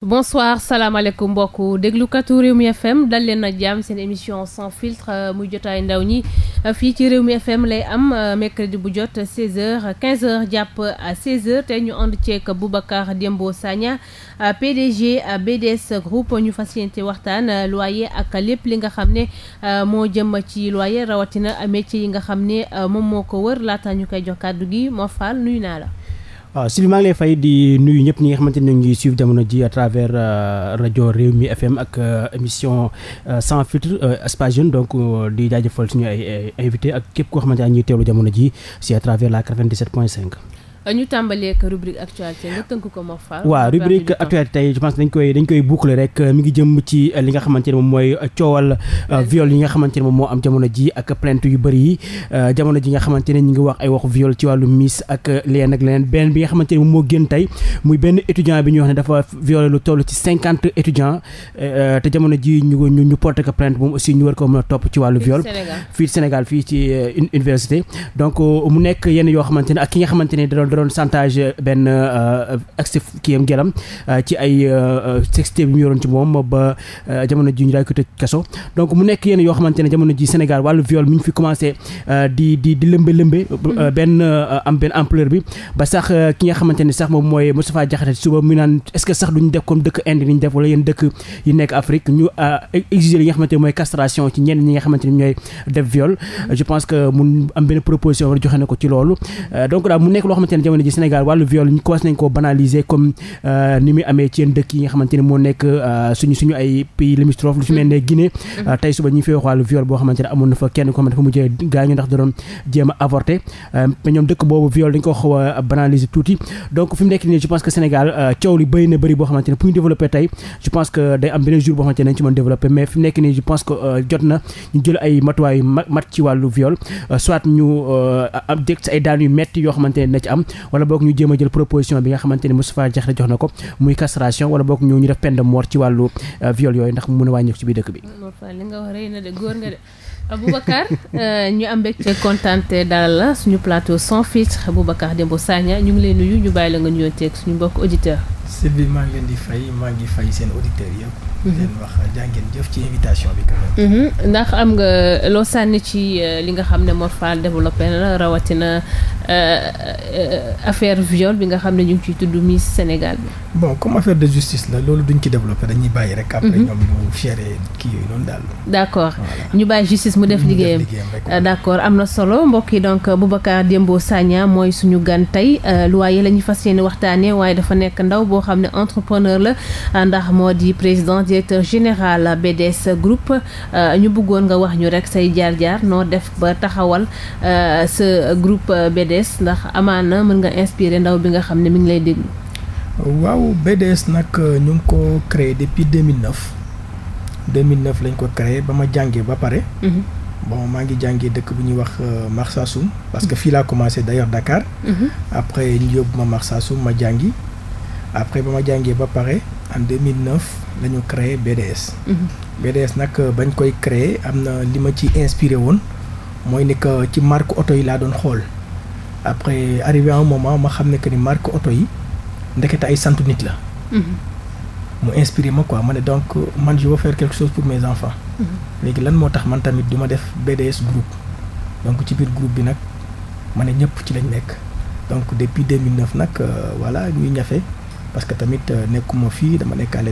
bonsoir salaamaaleykum mbokk déglukatu Rewmi FM dal leen ak jàmm seen émission sans filtre euh, muy jotaay ndaw ñi euh, fii ci réew mi FM lay am euh, mercredi bu jot 16h 15 jàpp à 16h tey ñu ànd ceeg Boubacar Dembo Sagna PDG BDS groupe ñu fas yéene waxtaan loyer ak lépp li nga xam ne moo jëm ci loyer rawatina métier yi nga xam ne moom moo ko wër laata ñu koy jox kàddu gi moo faal naa la. waaw ah, Sylvie maa ngi fay di nuyu ñëpp ñi nga xamante ne ñu ngi suivre jamono ji à travers euh, rajo mi FM ak euh, émission euh, sans filtre espace jeune donc di jaajëfal suñu ay invité ak képp koo xamante ne ñuy teewlu jamono ji si à travers la 97 point 5. Euh, ñu tàmbalee ak rubrique actualité nga tënk ko Mor Fall. waaw rubrique actualité tey je pense dañ koy dañ koy rek euh, mi ngi jëm ci euh, li nga xamante mooy coowal viol yi nga xamante moo am jamono ji ak plainte yu bëri yi jamono ji nga xamante moo gën tey muy benn étudiant bi ñu wax dafa violé lu toll ci cinquante étudiants te jamono ji ñu ñu ñu porté ko plainte moom ñu war ko mën a topp ci wàllu viol fii Sénégal fii ci université donc mu nekk yenn yoo xamante ak ki nga xamante ne doon chantage benn accès euh, kii am gelam euh, ci ay euh, sexte bi mu yoroon ci moom ba jamono ji ñu daal ko tëj kaso donc mu nekk yéen yoo xamante ne jamono ji Sénégal wàllu viol mi ñu fi commencé di di di lembe lëmbe mm-hmm. benn am benn ampleur bi ba sax ki nga xamante ne sax moom mooy Moustapha Diakhaté suba mu naan est-ce que sax ñu def comme dëkk Inde ni ñu def wala yéen dëkk yi nekk Afrique ñu exiger li nga xamante mooy castration ci ñenn ñi nga xamante ne ñooy def mm-hmm. je pense que mun am benn proposition joxe na ko ci loolu jamono ji Sénégal wàllu viol ñu commencé nañ koo banaliser comme euh, ni muy amee ci yi nga xamante ne moo nekk euh, suñu suñu ay pays limitrophes lu su mel ne Guinée mm-hmm. euh, boo xamante ne amoon na fa kenn ko xamante a avorter ñoom dëkk boobu viol dañ ko xaw a tuuti donc fi mu nekk nii je pense que Sénégal coow li bëri na bëri boo xamante ne pour ñu développer tey je pense que day am beneen jour boo xamante ne dañ ci mën développer mais fi mu nekk nii je pense que jot na ñu jël ay matuwaay mat ci wàllu viol soit ñu am dégg ay daan yu metti yoo xamante ne na ci am wala boog ñu jéem a jël proposition bi nga xamante ni Moustapha Diakhaté jox na ko muy castration wala boog ñu ñu def peine de mort ci wàllu euh, viol yooyu ndax mu mën a wàññeeku ci biir dëkk bi. li nga wax rëy na góor nga de Aboubacar euh, ñu am mbégte kontante dalal la suñu plateau sans filtre Aboubacar Dembo Sagna ñu ngi lay nuyu ñu bàyyi la nga ñu teeg suñu mbokk auditeur Sylvie maa ngi leen di fay maa ngi fay seen auditeurs yëpp. Mhm. di leen wax jàngeen jëf ci invitation bi. Mhm. ndax am nga loo sànni ci euh, li nga xam ne Morphal développé na rawatina euh, euh, affaire viol bi nga xam ne ñu ngi ciy tudd Miss Sénégal bi. bon comme affaire de justice la loolu duñ ci développé dañuy bàyyi rek. après mhm. ñoom ñu géré kii yooyu noonu daal. d' ñu bàyyi justice mu def liggéeyam d' am na solo mbokk yi donc Boubacar Dembo Sagna mooy suñu gan boo xam ne entrepreneur la ndax moo di président directeur général BDS groupe euh, ñu bëggoon nga wax ñu rek say jaar-jaar noo def ba taxawal sa euh, groupe BDS ndax amaan na mën nga inspiré ndaw bi nga xam ne mu ngi lay déglu. waaw BDS nag euh, ñu ngi ko créé depuis 2009 2009 lañ ko créé ba ma jàngee ba pare. Mhm. bon maa ngi jàngee dëkk bu ñuy wax Marsassoum parce que fii laa commencé d'ailleurs Dakar. Mhm. après ñu yóbbu ma Marsassoum ma jàngi. après ba ma jàngee ba pare en 2009 la ñu créé BDS. Mhm. BDS nag euh, bañ koy créer am na li ma ci inspiré woon mooy ni que ci marque oto yi laa doon xool après arrivé un moment ma xam ne que ni marque oto yi ndekete ay santu nit la. Mhm. mu inspiré ma quoi ma ne donc man je veux faire quelque chose pour mes enfants. Mhm. léegi lan moo tax man tamit du ma def BDS groupe donc ci biir groupe bi nag ma ne ñëpp ci lañ nekk donc depuis 2009 nag euh, voilà ñuy ñafe. parce que tamit euh, nekkuma fii dama nekk à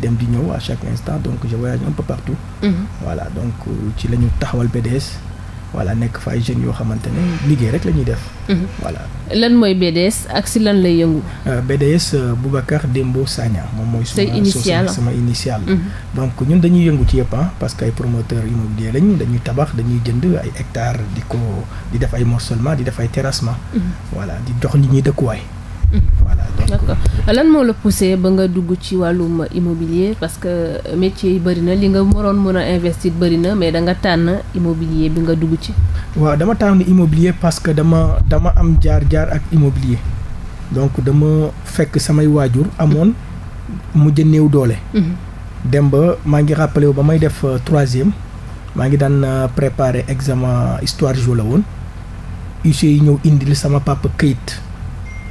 dem di ñëw à chaque instant donc je voyage un peu partout. Mhm. voilà donc euh, ci la ñu taxawal BDS. voilà nekk fa ay jeunes yoo xamante ne mhm. liggéey rek la def. Mhm. voilà lan mooy BDS ak si lan lay yëngu. Euh, BDS Boubacar Dembo Sagna moom mooy. say initial sama initial. donc ñun dañuy yëngu ci yëpp ah, parce que ay promoteurs immobiliers lañ dañuy tabax dañuy jënd ay hectares di ko di def ay morcellement di def ay terrassement. voilà di jox nit ñi dëkkuwaay. voilà d'accord lan moo la poussé ba nga dugg ci wàllum immobilier parce que métier yi bëri na li nga waroon mën a investir bëri na mais da nga tànn immobilier bi nga dugg ci. waaw dama tànn immobilier parce que dama dama am jaar-jaar ak immobilier donc dama fekk samay waajur amoon mujj néew doole. Mhm. dem ba maa ngi rappelé wu ba may def euh, troisième maa ngi daan euh, préparer examen histoire géo la woon UG yi ñëw indil sama papa këyit.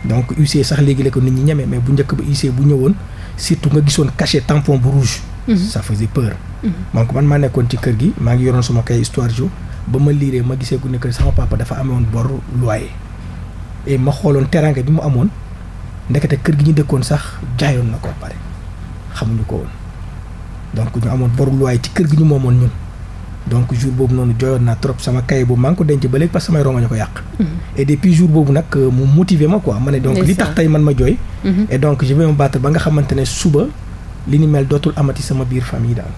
donc huissier sax léegi la ko nit ñi ñeme mais bu njëkk ba huissier bu ñëwoon surtout nga gisoon cachet tampon bu rouge. Mhm. ça faisait peur. Mhm. donc man maa nekkoon ci kër gi maa ngi yoroon sama kay histoire jo ba ma liiree ma gisee ku nekk sama papa dafa amoon bor loyer. et ma xooloon teraanga bi mu amoon ndekete kër gi ñu dëkkoon sax jaayoon na ko pare xamuñu ko woon donc ñu amoon bor loyer ci kër gi ñu moomoon ñun. donc jour boobu noonu jooyoon naa trop sama kay boobu maa ngi ko denc ba léegi parce que samay rongo ñu ko yàq. Hmm. et depuis jour boobu nag euh, mu motiver ma quoi ma ne donc li tax tey man ma jooy. Hmm. et donc je vais me battre ba nga xamante ne suba li ni mel dootul amati sama biir famille daal.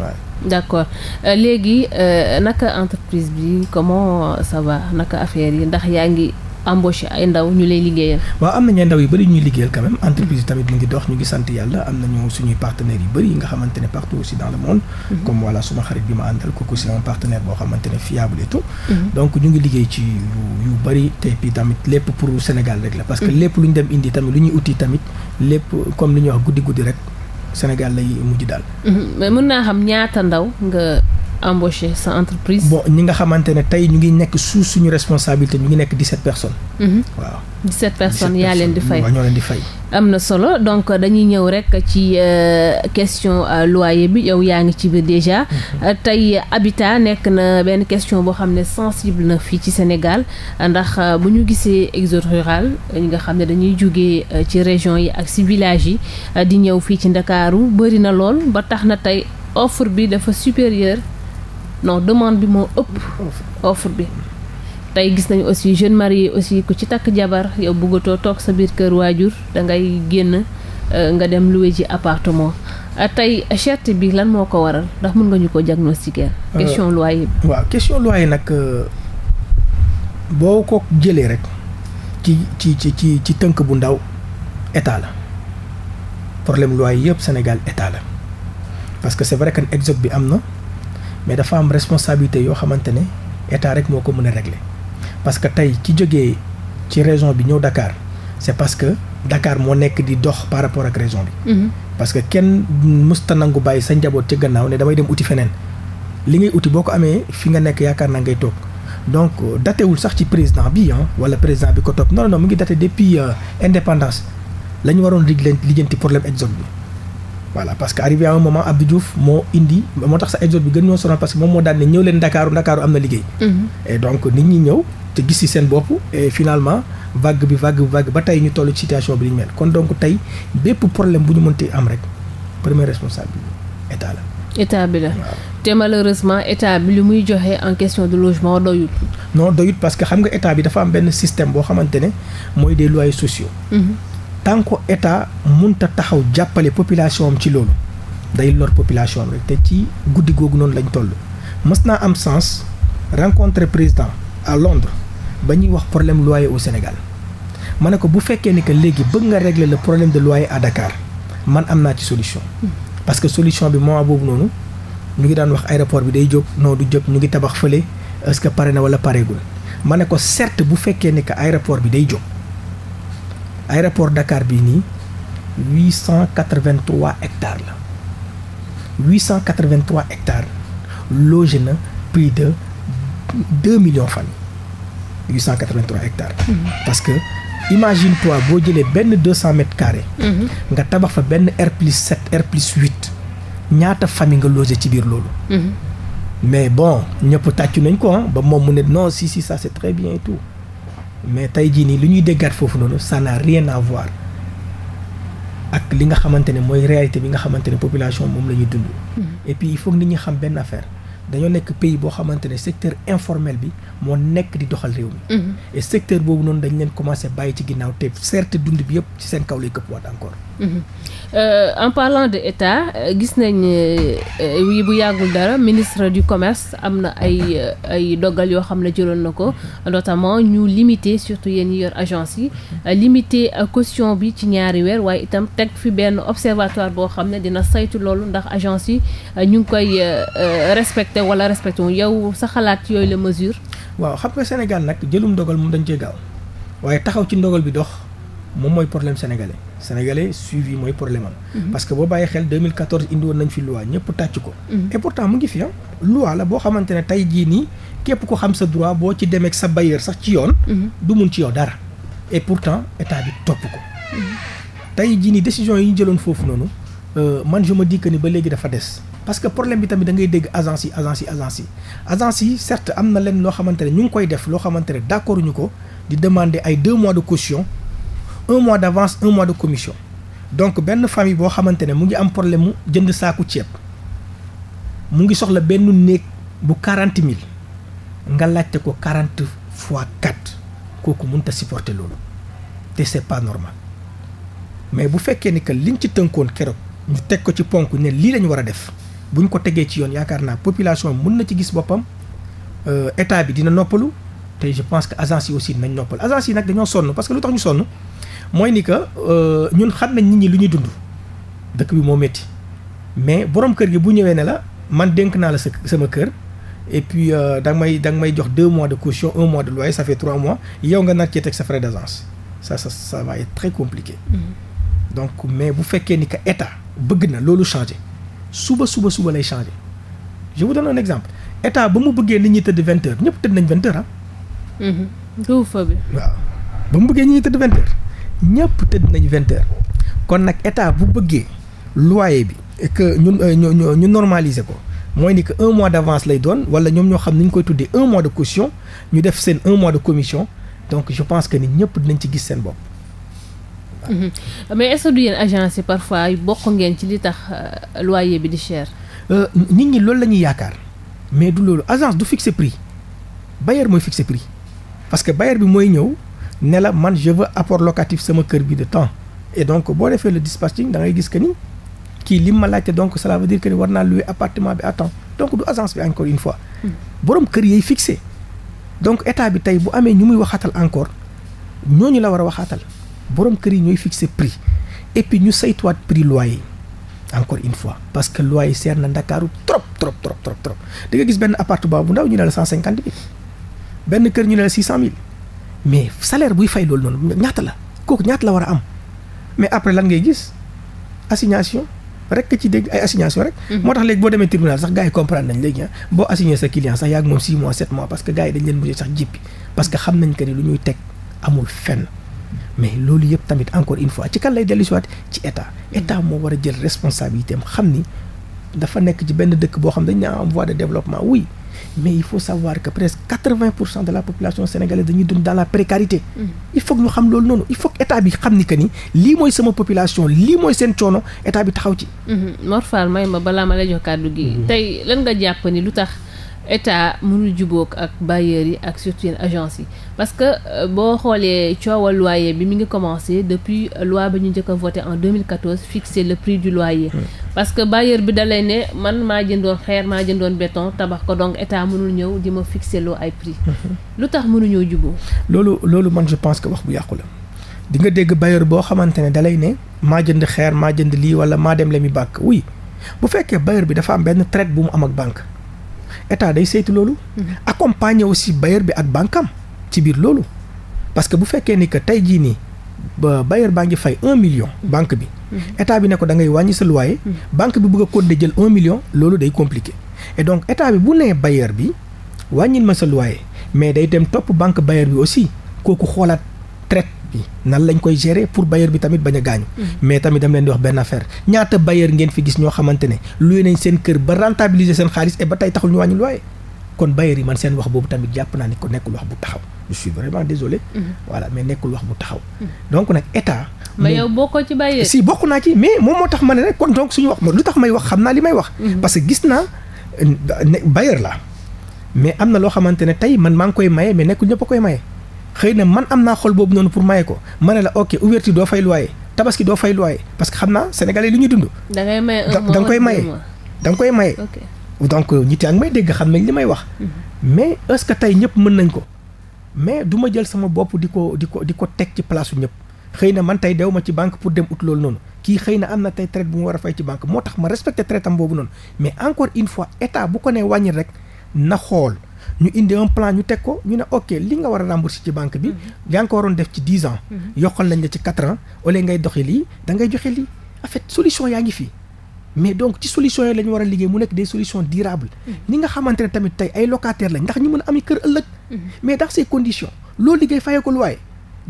waaw hmm. d'accord euh, léegi euh, naka entreprise bi comment ça va naka affaire yi ndax yaa ngi. embauché ay ndaw ñu lay liggéeyal. waaw am nañu ay ndaw yu bëri ñuy liggéeyal quand même entreprise tamit mu ngi dox ñu ngi sant yàlla am nañu suñuy partenaires yu bëri yi nga xamante ne partout mhm. bi ma àndal kooku c'est un partenaire boo xamante ne fiable et mhm. donc ñu ngi liggéey ci yu yu bëri te tamit lépp pour Sénégal rek la. parce que mhm. lépp lu ñu dem indi tamit lu ñuy uti tamit lépp comme li ñuy wax guddi guddi rek Sénégal lay mujj daal. mais mën naa xam ñaata ndaw nga embaucher sa entreprise. bo ñi nga xamante ne tey ñu ngi nekk sous suñu responsabilité ñu ngi nekk 17 personnes. Mhm. waaw 17 personnes yaa leen di fay waaw di fay. am na solo donc dañuy ñëw rek ci euh, question euh, loyer bi yow yaa ngi ci biir déjà. Mhm. Euh, tey habitat nekk na benn question boo xam ne sensible nag fii ci Sénégal ndax bu ñu gisee exode rural ñi nga xam ne dañuy jugee ci région yi ak ci village yi di ñëw fii ci Ndakaaru bëri na lool ba tax na tey offre bi dafa supérieur non demande bi moo ëpp offre bi tey gis nañu aussi jeune marié aussi ku ci takk jabar yow bëggatoo toog sa biir kër waajur da ngay génn euh, nga dem louer ci appartement ah, tey cherté bi lan moo ko waral ndax mun nga ñu ko diagnostiquer euh, question loyer bi waaw question loyer nag euh, boo ko jëlee rek ci ci ci ci ci tënk bu ndaw état la problème loyer yëpp Sénégal état la parce que c'est vrai que exode bi am na mais dafa am responsabilité yoo xamante ne état rek moo ko mën a régler parce que tey ci jóge ci région bi ñëw dakaar c' parce que dakaar moo nekk di dox par rapport ak raison bi. Mm -hmm. parce que kenn musta nangu bàyyi sa njaboot ci gannaaw ne damay dem uti feneen li ngay uti boo ko amee fi nga nekk yaakaar naa ngay toog. donc datewul sax ci président bi ah wala président bi ko topp non non mu ngi daté depuis euh, indépendance la ñu waroon lijjanti problème exode bi. voilà parce que arrivé à un moment Abdou Diouf moo indi moo tax sa exode bi gën ñoo sonal parce que moom moo daan ne ñëw leen Ndakaaru Ndakaaru am na liggéey. Mhm. et donc nit ñi ñëw te gis ci seen bopp. finalement vague bi vague bi vague ba tey ñu toll ci situation bi li mel kon donc tey bépp problème bu ñu mënti am rek première responsable bi état la. état bi la te malheureusement état bi li muy joxe en question de logement doyut. non doyut parce que xam nga état bi dafa am benn système boo xamante ne mooy des loyers tant que état munta taxaw jàppale population am ci loolu day lor population am te ci guddi googu noonu lañ toll. mës naa am sens rencontre président à Londres ba ñuy wax problème loyer au Sénégal ma ne ko bu fekkee ni que léegi bëgg nga régler la problème de loyer à Dakar man am naa ci solution. parce que solution bi moment boobu noonu ñu ngi daan wax aéroport bi day jóg non du jóg ñu ngi tabax fële est que pare na wala pareegul ma ne ko certes bu fekkee ni que aéroport bi day jóg. aéroport Dakar bii nii huit cent quatre vingt la huit cent quatre hectares logé na plus de deux millions familles huit cent quatre hectares. Mm-hmm. parce que imagine toi boo jëlee benn deux cent mètres carrés. Mm-hmm. nga tabax fa benn R plus sept R plus ñaata famille nga logé ci biir loolu. Mm-hmm. mais bon ñëpp tàccu nañ ko ah, ba moom mu ne non si si ça c'est très bien tout. mais tey jii nii lu ñuy déggaat foofu noonu ça n'a rien ak li nga xamante ne mooy réalité bi nga xamante ne population moom la ñuy dund. Mm-hmm. et puis il faut nit ñi xam benn affaire dañoo nekk pays boo xamante ne secteur informel bi moo nekk di doxal réew mi. Mm-hmm. et secteur boobu noonu dañ leen commencé bàyyi ci ginnaaw te certes dund bi yëpp ci seen kaw lay këpp waat encore. Euh, en parlant de état euh, gis nañ euh, wi bu yàggul dara ministre du commerce am na ay euh, ay dogal yoo xam ne jëloon na ko notamment ñu limiter surtout yéen ñi yor agence yi limiter caution bi ci ñaari weer waaye itam teg fi benn observatoire boo xam ne dina saytu loolu ndax agence yi ñu ngi koy respecté wala respecté wu yow sa xalaat yooyu la mesure waaw xam nga Sénégal nag jëlum dogal moom dañ cee gaaw waaye taxaw ci ndogal bi dox moom mooy problème sénégalais sénégalais suivi mooy problème am. Mhm. parce que boo bàyyi xel 2014 indi woon nañ fi loi ñëpp tàcc ko. Mhm. et pourtant mu ngi fi am. Ah. loi la boo xamante ne tey jii nii képp ko xam sa droit boo ci demeek sa bailleur sax ci yoon. Mhm. du mun ci yow dara. et pourtant état bi topp ko. tey jii nii décision yi ñu jëloon foofu noonu euh, man je me dis ni ba léegi dafa des. parce que problème bi tamit da ngay dégg agence yi agence yi yi agence yi certes am na leen loo xamante ne ñu ngi koy def loo xamante ne d'accord ñu ko di demander ay deux mois de caution. un mois d'avance un mois de commission donc benn famille boo xamante ne mu ngi am problème mu jënd saaku ceeb mu ngi soxla benn néeg bu quarante mille nga laajte ko quarante fois quatre kooku mënut a supporter loolu te c'est pas normal mais bu fekkee ni que liñ ci tënkoon keroog ñu teg ko ci ponk ne lii lañ war a def ñu ko tegee ci yoon yaakaar naa population mun na ci gis boppam euh, état bi dina noppalu te je pense que agence yi aussi nañ noppal agence nag dañoo sonn parce que lu tax ñu mooy ni que euh, ñun xam nañ nit ñi lu ñuy dund dëkk bi moo métti mais borom kër gi bu ñëwee ne la man denk naa la sa sama kër et puis euh, da nga may danga may jox deux mois de caution un mois de loyer ça fait trois mois yow nga nar cee teg sa frais d'agence ça ça ça va être très compliqué. Mm-hmm. donc mais bu fekkee ni que état bëgg na loolu changer suba suba suba lay changer je vous donne un exemple état ba mu bëggee nit ñi tëdd vingt heures ñëpp tëdd nañ vingt heures ah. mm-hmm. waaw ba bëggee nit ñi tëdd vingt ñëpp tëdd nañ vingt kon nag état bu bëggee loyer bi que ñun euh, ñu ñu normaliser ko mooy ni que un mois d'avance lay doon wala ñoom ñoo xam ni ñu koy tuddee un mois de caution ñu def seen un mois de commission donc je pense que ni ñëpp dinañ ci gis seen bopp. Mhm. mais est-ce que du yéen agence ngeen ci li tax euh, loyer bi euh, nit ñi loolu la ñuy yaakaar mais du loolu agence du fixer pris bailleur mooy fixer prix parce que bailleur bi mooy ñëw. ne la man je veux apport locatif sama kër bi de temps et donc boo defee le dispatching da ngay gis que ni kii lim ma laajte donc cela veut dire que war naa louer appartement bi à temps donc du agence bi encore une fois. Hmm. borom kër yay fixé. donc état bi tey bu amee ñu muy waxaatal encore ñooñu la war a waxaatal borom kër yi ñooy fixé prix et puis ñu saytuwaat prix loyer encore une fois parce que loyer seer na ndakaaru trop trop trop trop trop da nga gis benn appartement bu ndaw ñu ne cent cinquante mille benn kër ñu ne la cent mille. mais salaire buy fay loolu noonu ñaata la kooku ñaata la war a am mais après lan ngay gis assignation rek ci dégg ay assignation rek. Mhm. moo tax léegi boo demee tribunal sax gars yi comprendre nañ léegi ah boo assigné sa client sax yaa ngi moom 6 mois 7 mois parce que gars yi dañ leen mujj sax jippi parce que xam nañ que ni lu ñuy teg amul fenn. mais loolu yëpp tamit encore une fois ci kan lay dellu si waat ci état mhm. état moo war a jël responsabilité am xam ni dafa nekk ci benn dëkk boo xam dañ naa am voie de développement mais il faut savoir que presque quatre-vingt pour cent de la population sénégalaise dañuy dund dans la précarité. Mm-hmm. il faut que xam loolu noonu il faut état bi xam ni que ni lii mooy sama population lii mooy seen coono état bi taxaw ci. Mm-hmm. Mor Fall may ma balaa ma lay kàddu gi. Mm-hmm. tey lan nga jàpp ni lu tax. état mënul jubóog ak bailleurs yi ak surtout agence yi parce que euh, boo xoolee coowal loyer bi mi ngi commencé depuis loi ba ñu njëkk a voté en 2014 fixer le prix du loyer. parce que bailleur bi dalay ne man maa jëndoon xeer maa jëndoon béton tabax ko donc état mënul ñëw di ma fixer loo ay prix. Mhm. lu tax mënuñoo jubóo. loolu loolu man je pense que wax bu yàqu la di nga dégg bailleur boo xamante ne da ne maa jënd xeer maa jënd lii wala maa dem la mi banque uy bu fekkee bailleur bi dafa am benn traite bu mu am ak banque. état day saytu loolu. Mm-hmm. accompagner aussi bailleur bi ak bànkam ci biir loolu. parce que bu fekkee ni que tey jii nii ba bailleur baa ngi fay un million banque bi. Mm-hmm. état bi ne ko da ngay wàññi sa loyer. Mm-hmm. banque bi bëgg a code de jël un million loolu day compliqué. et donc état bi bu nee bailleur bi wàññil ma sa loyer mais day dem topp banque bailleur bi aussi kooku xoolaat. yi nan lañ koy gérer pour bailleur bi tamit bañ a gaañu mm-hmm. mais tamit dama leen di wax benn affaire ñaata bailleur ngeen fi gis ñoo xamante ne luye nañ seen kër ba rentabiliser seen xaalis et ba tey taxul ñu wàññi loyer kon bailleur yi seen wax boobu tamit jàpp naa ne ko nekkul wax bu taxaw je suis vraiment désolé mm-hmm. bu taxaw mm-hmm. donc nag état mais yow bokkoo ci bailleur si bokk naa ci mais moom moo tax ma ne rek kon donc suñu wax ma lu tax may wax xam naa li may wax parce que gis naa euh, bailleur la mais am na loo xamante ne tey man maa ngi koy maye mais nekkul ñëpp koy maye xëy na man am naa xool boobu noonu pour maye ko ma la ok ouverture doo fay loyer tabaski doo fay loyer parce que xam naa sénégalais lu ñu dund. da ngay maye un mois da koy maye da nga koy euh, yaa ngi may dégg xam nañ li may wax. Mhm. mais est-ce que tey ñëpp mën nañ ko. mais du ma jël sama bopp di ko di ko di ko teg ci place su ñëpp xëy na man tey dew ma ci banque pour dem ut loolu noonu kii xëy na am na tey traite bu mu war a fay ci banque moo tax ma respecté traite am boobu noonu mais encore une fois état bu ko nee wàññi rek na xool ñu indi un plan ñu teg ko ñu ne ok li nga war a rembourser ci banque bi mhm. yaa ngi ko waroon def ci dix ans mhm. yokkal lañ la ci quatre ans au ngay doxee lii dangay joxe lii en fait solution yaa ngi fii mais donc ci solution yi la ñu war a liggéey mu nekk des solution durables ñi mhm. nga xamante ne tamit tey ay locataires lañ ndax ñu mën a am kër ëllëg mais dans ces condition loolu liggéey fayee ko lu waaye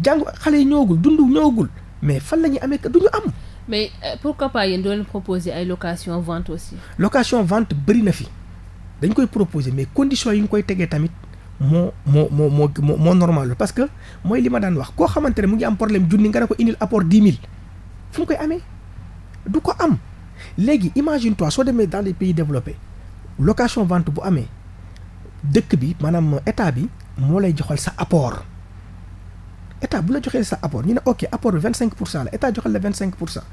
jàng xale yi ñëwagul dund ñëwagul mais fan la ñuy amee kër du ñu am mais euh, pourquoi pas yéen doo leen ay location vente aussi location vente bëri na fi dañ koy proposer mais conditions yi ñu koy tegee tamit moo moo moo moo moo normal parce que mooy li ma daan wax koo xamante ne mu ngi am problème junni nga ne ko indil apport dix mille fu mu koy amee du ko am léegi imagine toi soo demee dans les pays développés location vente bu amee dëkk bi maanaam état bi moo lay joxal sa apport état bu la joxee sa apport ñu ne ok apport bi vingt cinq pour cent la état joxal la vingt cinq pour cent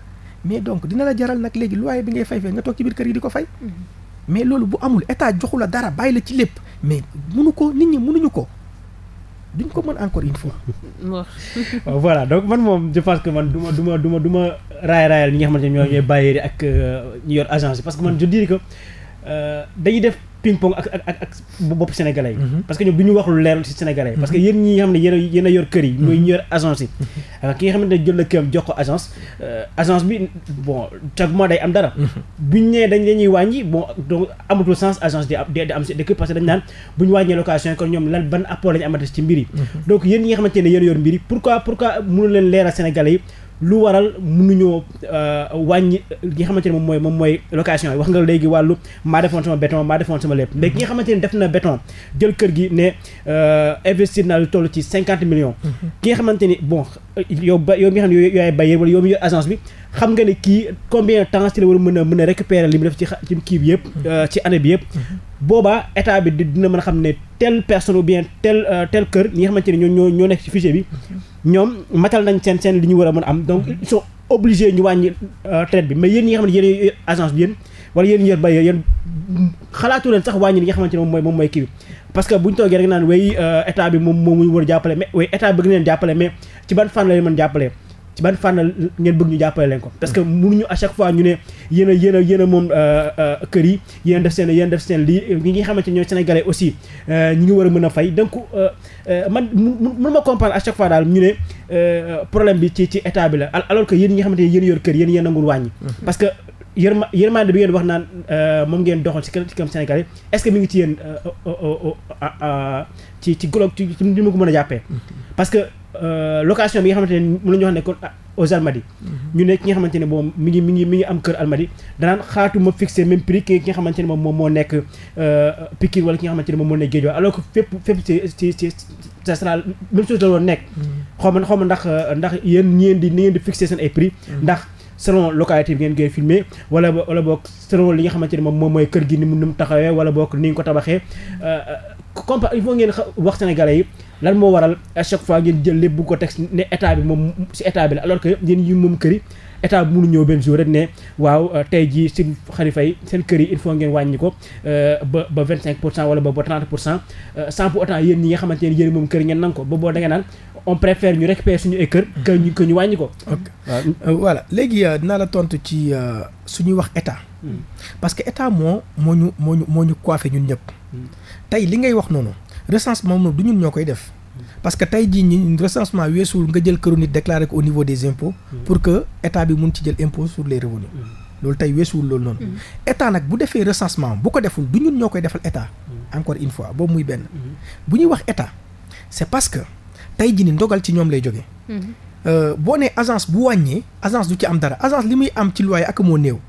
mais donc bi ngay fay fee nga toog ci kër yi di ko fay. Mm-hmm. mais loolu bu amul état joxu la dara bàyyi la ci lépp mais munu ko nit ñi munuñu ko duñ ko mën encore une fois. voilà donc man moom je pense que man du ma du ma du ma du ma raay raayal ñi nga xamante ne ñoo ñooy bàyyeeri ak euh, ñu yor agence parce que man je dirais que euh, dañuy def. ping pong ak ak ak bopp sénégalais yi mhm. parce que ñoom du ñu wax leer si yi parce que mhm. yéen ñi xam ne yéen yor kër yi mooy mhm. ñu yor agence yi ki xamante ne jox ko agence euh, bi bon day am dara buñ nee dañuy wàññi bon donc amatul sens agence di di am si dëkk parce que dañ naan bu ñu wàññee location kon ñoom lan ban apport la ñu amati ci mbir yi donc yéen ñi xamante ne yéen yor mbir yi pourquoi pourquoi mënu leen leeral sénégalais yi lu waral mënuñoo euh, wàññi ki nga xamante ne moom mooy moom mooy location yi wax nga léegi wàllu maa defoon sama béton maa defoon sama lépp mais ki nga xamante ne def na béton jël kër gi ne euh, investir naa lu toll ci cinquante millions mhm. ki nga xamante ni bon yow ba yow mi nga xam ne yaay bailleur wala yow mi yor agence bi xam nga ne kii combien de temps ci la a mën a mën a récupérer li mu def ci ci kii bi yëpp mhm. euh, ci année bi yëpp mhm. boobaa état bi dina mën a xam ne telle personne ou bien tel euh, tel kër ñi nga xamante ne ñoo ñoo nekk bi mhm. ñoom matal nañ seen seen li ñu war a mën am donc ils sont obligés ñu wàññi euh, traite bi mais yéen ñi nga xam ne yéen agence bi yéen wala yéen yor bay yéen xalaatu leen sax wàññi li nga xamante ne moom mooy kii parce que bu ñu rek naan way état bi moom moom mu war a jàppale mais way état bëgg leen jàppale e ci ban fànn la leen mën ci ban fànna ngeen bëgg ñu jàppale leen ko parce que mënuñu à chaque fois ñu ne yéen a yéen a yéen a moom euh, euh, kër yi yéen def seen yéen def seen lii ñi ngi xamante ñooy sénégalais aussi euh, ñi ngi war a mën a fay donc man mënu ma comprendre à chaque fois daal ñu ne problème bi ci ci état bi la alors que yéen ñi nga xamante ne yéen yor kër yéen yéen nangul wàññi mm-hmm. parce que yërma yërmande bi ngeen wax naan moom ngeen doxal ci kanam Sénégal yi est-ce que mi ngi ci yéen ci ci golo ci ni ma ko mën a jàppee mm-hmm. Euh, location bi nga xamante ne mën nañu wax ne kon aux Almadies mhm. ñu ne ki nga xamante ne moom mi ngi mi ngi mi ngi am kër Almadies danaan xaatuma fixé même prix ki nga xamante ne moom moom moo nekk euh, Pikine wala ki nga xamante ne moom moo nekk Guédiawaye alors que fépp fépp ci ci mhm. xaw ma xaw ma ndax euh, ndax yéen di ni di fixé seen ay prix mhm. ndax selon localité bi ngeen koy filmé wala wala boog selon li nga xamante ne moom moom mooy kër gi ni mu ni mu taxawee wala boog ni nga ko tabaxee compa il faut ngeen wax sénégalais yi lan moo waral à chaque fois ngeen jël lépp bu ko teg bi moom état bi la alors que yi moom kër yi état bi mënu ñëw benn jour rek ne waaw euh, tey jii si xarifa fay seen kër yi il faut ngeen wàññi ko euh, ba ba vingt cinq pour cent wala ba ba trente pour cent euh, sans pour autant yéen ñi nga xamante ne yéen moom kër ngeen nangu ko ba boo da nga naan on préfère ñu récupérer suñu ay kër que ñu que ñu wàññi ko voilà léegi dinaa la tontu ci su ñuy wax état hmm. parce que état moo moo ñu moo ñu moo ñu coiffé ñun ñëpp hmm. tey li ngay wax noonu recensement moom du ñun ñoo koy def parce que tey jii ñi recensement weesuwul nga jël këru nit déclaré ko au niveau des impôts pour que état bi mun ci jël impôt sur les revenus loolu tey weesuwul loolu noonu mm-hmm. état nag bu defee recensement bu ko deful du ñun ñoo koy defal état mm-hmm. encore une fois boobu muy benn mm-hmm. bu ñuy wax état c'est parce que tey jii ni ndogal ci ñoom lay joge euh, boo ne agence bu wàññee agence du ci am dara agence li muy am ci loyer ak moo néew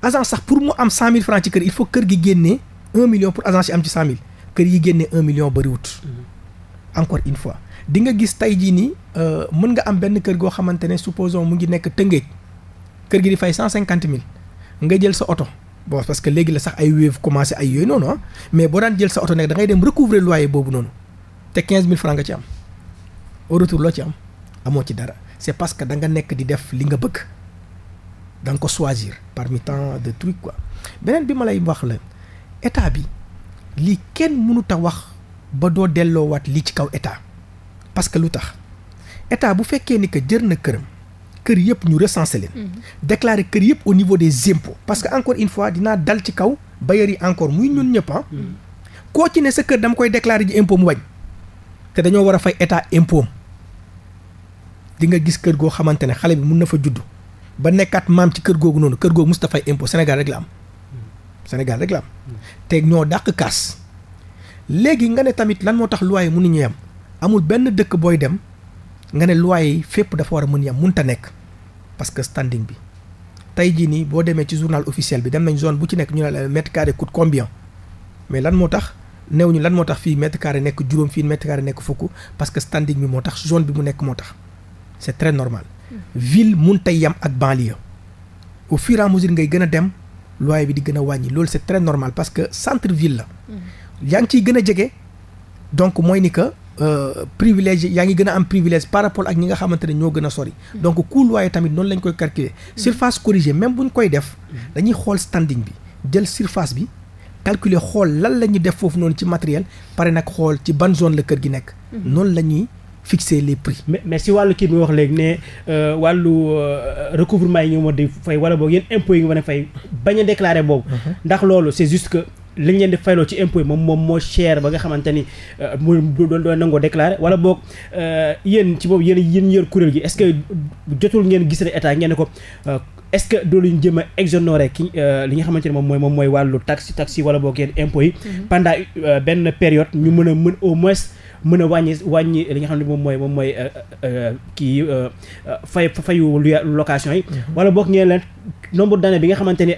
agence sax pour mu am cent mille francs ci kër il faut kër gi génnee un million pour agence yi am ci cent kër yi génne un million bëriwut mm-hmm. encore une fois di nga gis tey jii nii euh, mën nga am benn kër goo xamante ne supposons mu ngi nekk Tëngéej kër gi di fay cent cinquante mille nga jël sa oto boo parce que léegi la sax ay wéev commencé ay yooyu noonu ah. mais boo daan jël sa oto nekk dangay ngay dem recouvrer loyer boobu noonu te quinze mille francs nga ci am au retour loo ci am amoo ci dara c'est parce que da nga nekk di def li nga bëgg da nga ko choisir parmi tant de trucs beneen bi ma lay wax la. état bi lii kenn mënut a wax ba doo delloo delloowaat lii ci kaw état parce que lu tax état bu fekkee ni que jër na këram kër yëpp ñu recensé leen. Mhm. déclaré kër yëpp au niveau des impôts. parce que encore une fois dinaa dal ci kaw bailleurs yi encore muy ñun ñëpp ah. Mhm. koo ci ne sa kër dama koy déclaré ji impôt mu wañ te dañoo war a fay état impôt di nga gis kër goo xamante ne xale bi mun na fa judd ba nekkaat maam ci kër googu noonu kër googu mus ta fay impôt Sénégal rek am. Sénégal rek la am te ñoo dàq kaas léegi nga ne tamit lan moo tax loyer yi mënuñu yem amul benn dëkk booy dem nga ne loyer yi fépp dafa war a mën yem mënta nekk parce que standing bi tey jii nii boo demee ci journal officiel bi dem nañ zone bu ci nekk ñu ne la mètre carré coûte combien mais lan moo tax néew ñu lan moo tax fii mètre carré nekk juróom fii mètre carré nekk fukk parce que standing bi moo tax zone bi mu nekk moo tax c'est très normal. Hmm. ville mënta yem ak banlieue au fur ngay gën a dem loyer bi di gën a wàññi loolu c'est très normal parce que centre ville la. yaa ngi ciy gën a jege. donc mooy ni que euh, privilège yaa ngi gën a am privilège par rapport ak ñi nga xamante ne ñoo gën a sori. donc coût loyer tamit noonu lañ koy calculer. surface corrigée même bu ñu koy def. dañuy xool standing bi jël surface bi. calculer xool lan la ñuy def foofu noonu ci matériel pare nag xool ci ban zone la kër gi nekk. noonu la ñuy fixer les prix. mais mais si wàllu kii bi wax léegi ne euh, wàllu euh, recouvrement yi ñu war di fay wala boog yéen impôts yi nga a fay bañ a boobu. Uh-huh. ndax loolu c'est que li ñu leen di ci impôt yi moom moom moo cher ba nga xamante ni euh, mu doon doon nangoo déclarer wala boog yéen ci boobu yéen yéen yor kuréel gi est-ce que jotul ngeen gis ne état ngeen ne ko. est-ce que doolu leen jëm a exonérer ki li nga xamante ne moom mooy moom mooy wàllu taxe taxe wala boog yenn impôts yi. Uh-huh. pendant benn période ñu mën a mën au moins. mën a wàññi wàññi li nga xam ne moom mooy moom mooy euh, euh, kii euh, fay fayu location yi mhm. wala boog ngeen leen nombre d'années bi nga xamante ni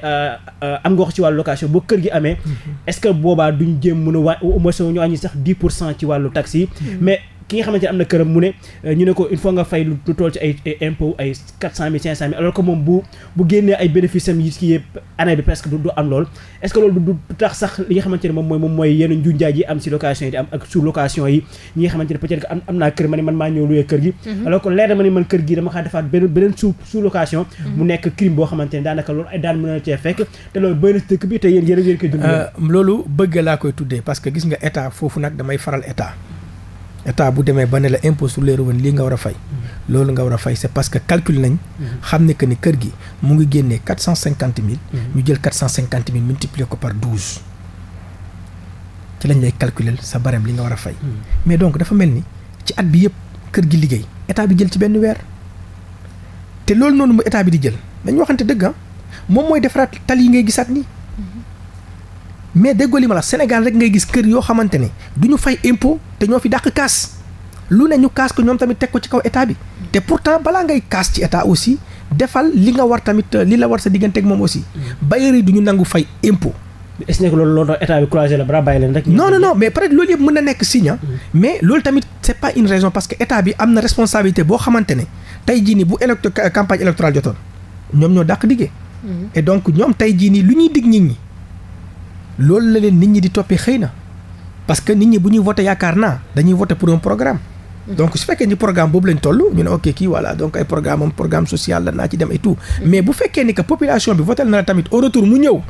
am nga wax ci wàllu location boo kër gi amee mhm. est-ce que boobaa duñ jëm mën a wàññi au ñu wàññi sax 10 pour cent ci wàllu taxi mhm. mais ki nga xamante ne am na këram mu ne euh, ñu ne ko il faut nga fay lu tool ci ay impôt ay quatre cent mille cinq cent mille alors que moom bu génnee ay bénéfices yi ci yëpp année bi presque du du tax sax li xamante ne moom mooy moom mooy yenn njunjaay yi am naa kër ma ne man maa ñëw luwee kër mhm. na ma ne man kër gi dama xaa defaat beneen beneen sous sous location mhm. mu boo xamante ne daanaka loolu ay daan mën na euh, bëgg laa koy tuddee parce que gis nga état foofu nag damay faral état état bu demee ba ne la impôt sur les lii nga war a fay. Mm-hmm. loolu nga war a fay c'est parce que calcul nañ. Mm-hmm. xam ne que ni kër gi mu ngi génnee quatre cent cinquante mille. Mm-hmm. ñu jël quatre cent cinquante mille multiplier ko par douze. ci lañ lay calculer sa barème li nga war a fay. mais donc dafa mel ni ci at bi yëpp kër gi liggéey état bi jël ci benn weer. te loolu noonu mu état bi di jël dañu waxante dëgg ah moom mooy defaraat tal yi ngay gisaat nii. mais déggoo li ma la Sénégal rek ngay gis kër yoo xamante ne du ñu fay impôt te ñoo fi dàq kaas lu ne ñu kaas ko ñoom tamit teg ko ci kaw état bi te pourtant balaa ngay kaas ci état aussi defal li nga war tamit li la war sa digganteeg moom aussi bailleurs du ñu nangu fay impôt. est ce que loolu loolu état bi leen rek. non non non mais peut être loolu yëpp mën na nekk signe ah. mm-hmm. mais loolu tamit c' est pas une raison parce que bi am na responsabilité boo xamante ne tey jii nii bu électo campagne électorale jotoon ñoom ñoo dàq diggee. Mm-hmm. donc ñoom tey jii nii lu ñuy dig nit ñi. loolu la leen nit ñi di toppee xëy na parce que nit ñi bu ñuy voté yaakaar naa dañuy voté pour un programme. donc su fekkee ni programme boobu lañ toll ñu ne ok kii voilà donc ay programme am social la naa ci dem et tout. Mm-hmm. mais bu fekkee ni que population bi voté na la tamit au retour mu ñëw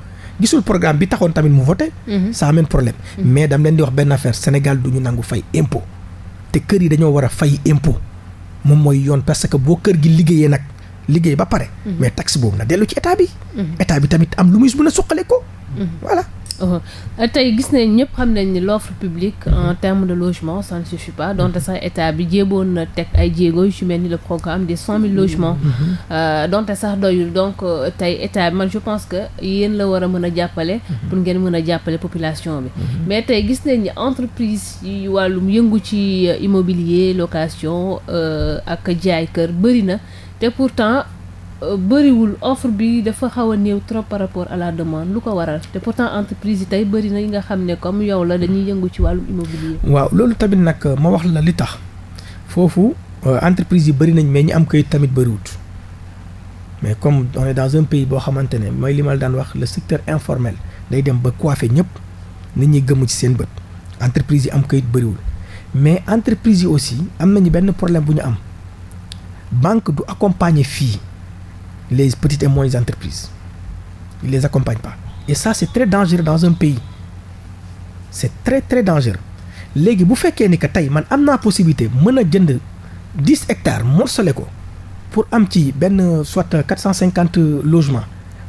gisul programme bi taxoon tamit mu voté. Mm-hmm. ça amène problème. Mm-hmm. mais dam leen di wax benn affaire Sénégal du ñu nangu yi dañoo war a fay impôt moom mooy yoon parce que boo kër gi liggéeyee nag liggéey ba pare. mais taxe boobu na dellu ci état bi. état bi tamit am lu muy mun suqale ko. voilà. Euh, euh, tey gis nañ ñëpp xam nañ ni l'offre publique en mhm. terme de logement ça ne pas donte mhm. sax état bi jéeboon na teg ay jéego yu ci mel ni le programme des cent mille mhm. Euh, donte sax doyul donc tey état bi man je pense que yéen la war a mën a jàppale pour ngeen mën a jàppale population bi mais tey gis nañ ni entreprise yi wàllum yëngu ci immobilier location ak jaay kër bëri na te pourtant bëriwul offre bi dafa xaw a néew trop par rapport à la demande lu ko waral te pourtant entreprise yi tey bëri na yi nga xam ne comme yow la dañuy yëngu ci wàllum immobilier. waaw loolu tamit nag euh, ma wax la li tax foofu euh, entreprise yi bëri nañ mais ñi am kayit tamit bëriwut mais comme on est dans un pays boo xamante ne mooy li ma daan wax le secteur informel day dem ba coiffé ñëpp nit ñi gëmm ci seen bët entreprise yi am kayit bëriwul mais entreprise yi aussi am nañu benn problème bu ñu am banque du accompagner fii. les petites et moyennes entreprises. les accompagnent pas. Et ça, c'est très dangereux dans un pays. C'est très très dangereux. léegi bu fekkee ni que tey man am naa possibilité mën a jënd dix hectares morcelé ko pour am ci benn soit quatre cent cinquante logements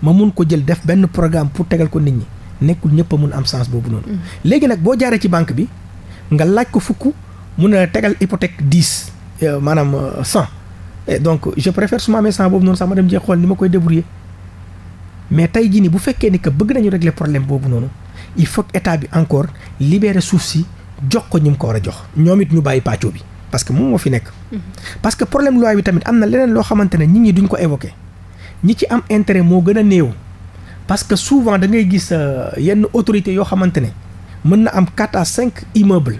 ma mun ko jël def benn programme pour tegal ko nit ñi nekkul ñëpp a mun am sens boobu noonu. Mm-hmm. léegi nag boo jaaree ci banque bi nga laaj ko fukk mun a tegal hypothèque dix euh, maanaam euh, cent. donc je préfère su ma amee sang boobu noonu sama ma dem jee xool ni ma koy débrouiller mais tey jii nii bu fekkee ni que bëgg nañu régler problème boobu noonu il faut que bi encore libérer suuf si jox ko ñi mu ko war a jox ñoom it ñu bàyyi pàccoo bi parce que moom moo fi nekk. Mhm. parce que problème loi bi tamit am na leneen loo xamante ne nit ñi duñ ko évoquer ñi ci am intérêt moo gën a néew. parce que souvent da ngay gis euh, yenn autorités yoo xamante ne mën na am quatre à cinq immeubles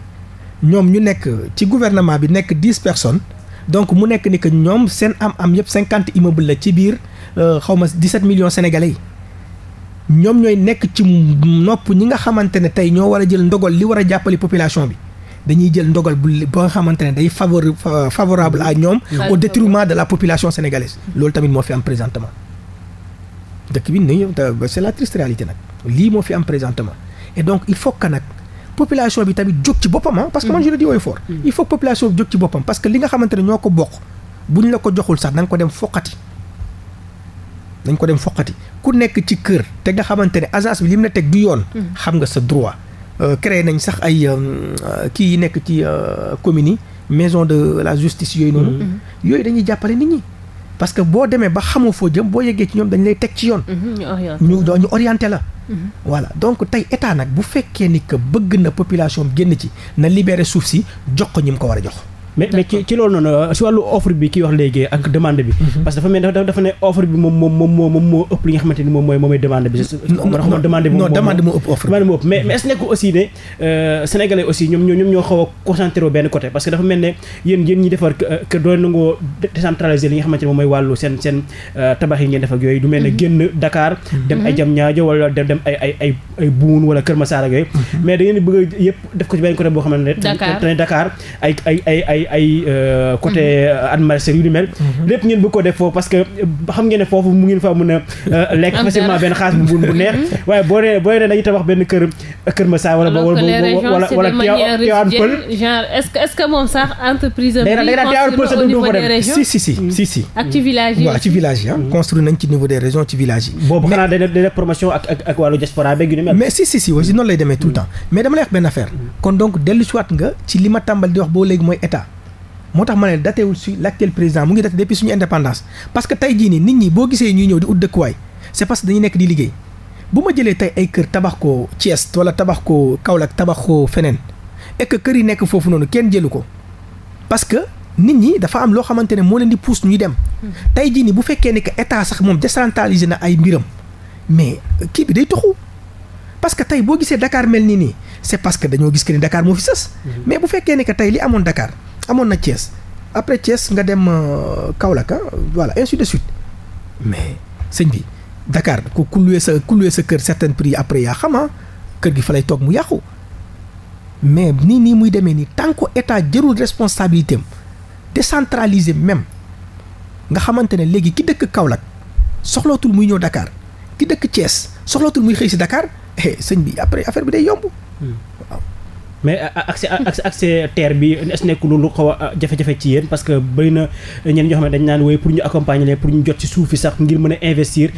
ñoom ñu nekk ci gouvernement bi nekk dix personnes. donc mu nekk ni que ñoom seen am-am yëpp cinquante immeuble la ci biir euh, xaw ma dix-sept millions sénégalais yi ñoom ñooy nekk ci nopp ñi nga xamante ne tey ñoo war a jël ndogal li war a jàppale population bi dañuy jël ndogal bu li ba nga xamante ne day favor euh, favorable à ñoom au détriment de la population sénégalaise loolu tamit moo fi am présentement dëkk bi ni euh, c'est la triste nag lii moo fi am présentement et donc il faut que nag population bi tamit jóg ci boppam ah parce que man je le dis haut et fort mm-hmm. il faut que population bi jóg ci boppam parce que li nga xamante ne ñoo ko bokk buñ la ko joxul sax nañ ko dem foqati nañ ko dem foqati ku nekk ci kër te nga xamante ne agence bi li mu la teg du yoon mm-hmm. xam nga sa droit euh, créer nañ sax ay euh, euh, kii yi nekk ci communes yi maison de la justice yooyu noonu mm-hmm. yooyu dañuy jàppale nit ñi parce que boo demee ba xamoo foo jëm boo yeggee ci ñoom dañu lay teg ci yoon. ñu mhm, doo ñu orienté la. Mhm. voilà donc tey état nag bu fekkee ni que bëgg na population génn ci na libéré suuf si jox ko ñi mu ko war a jox. mais mais ci ci loolu noonu euh, si wàllu offre bi ki wax léegi ak demande bi. Mhm. parce que dafa mel dafa dafa ne offre bi moom moom moom moom moo ëpp li nga xamante ni moom mooy moomay demande bi. non demande bi demande moo ëpp offre demande moo ëpp mais mais est ce nekkul aussi ne euh, sénégalais aussi ñoom ñoo ñoom ñoo xaw a concentré wu benn côté parce que dafa mel ne yéen yéen ñi defar que euh, doon nangoo décentraliser li nga xamante ni moom mooy wàllu seen seen tabax yi ngeen def ak yooyu du mel ne mhm. génn Dakar mhm. dem ay Diamniadio wala dem dem ay ay ay ay Boune wala Kër Massar ak yooyu mais da ngeen bëgg yëpp def ko ci benn côté boo xamante ne Dakar ay ay ay ay euh, côté euh, adversaire yu mhm. lépp ngeen bëgg ko def foofu parce que euh, xam ngeen ne foofu mu ngeen fa mën a lekk facilement benn xaas bu neex mhm. waaye boo nee boo nee dañuy promotion ak ak ak wàllu mais si si si aussi noonu lay demee tout mm. temps mais dama lay wax benn affaire mm. kon dellu siwaat nga ci li ma tàmbali di wax boo léegi mooy état moo tax ma ne datewul si l' actuel président mu ngi date depuis suñu indépendance parce que tey jii nii nit ñi boo gisee ñuy ñëw di ut dëkkuwaay c' est parce que dañuy nekk di liggéey bu ma jëlee tey ay kër tabax ko Thiès wala tabax ko Kaolack tabax ko feneen et que kër yi nekk foofu noonu kenn jëlu ko parce que nit ñi dafa am loo xamante ne moo leen di pousse ñuy dem. tey jii nii bu fekkee ne que état sax moom décentralisé na ay mbiram mais kii bi day toxu parce que tey boo gisee Dakar mel nii nii c' parce que dañoo gis que ni Dakar moo fi sës. Mm-hmm. bu fekkee ne que tey li amoon Dakar amoon na Thiès après Thiès nga dem euh, Kaolack ah, voilà ainsi de suite mais sëñ bi Dakar ku ku sa ku sa kër certain prix après yaa xama ah, kër gi fa lay toog mu yàqu mais nii nii muy demee ni tant que état jërul responsabilité am décentralisé même nga xamante ne léegi ki dëkk Kaolack soxlootul muy ñëw dakaar ki dëkk Thiès soxlootul muy xëy si dakaar eh, sëñ bi après affaire bi day yomb. Hmm. mais euh, euh, accès accès terre bi est lu xaw a euh, jafe-jafe ci yéen parce que bëri na ñenn ñoo xam dañ naan wooy pour ñu accompagner leen pour ñu jot ci suuf yi sax ngir mën a investir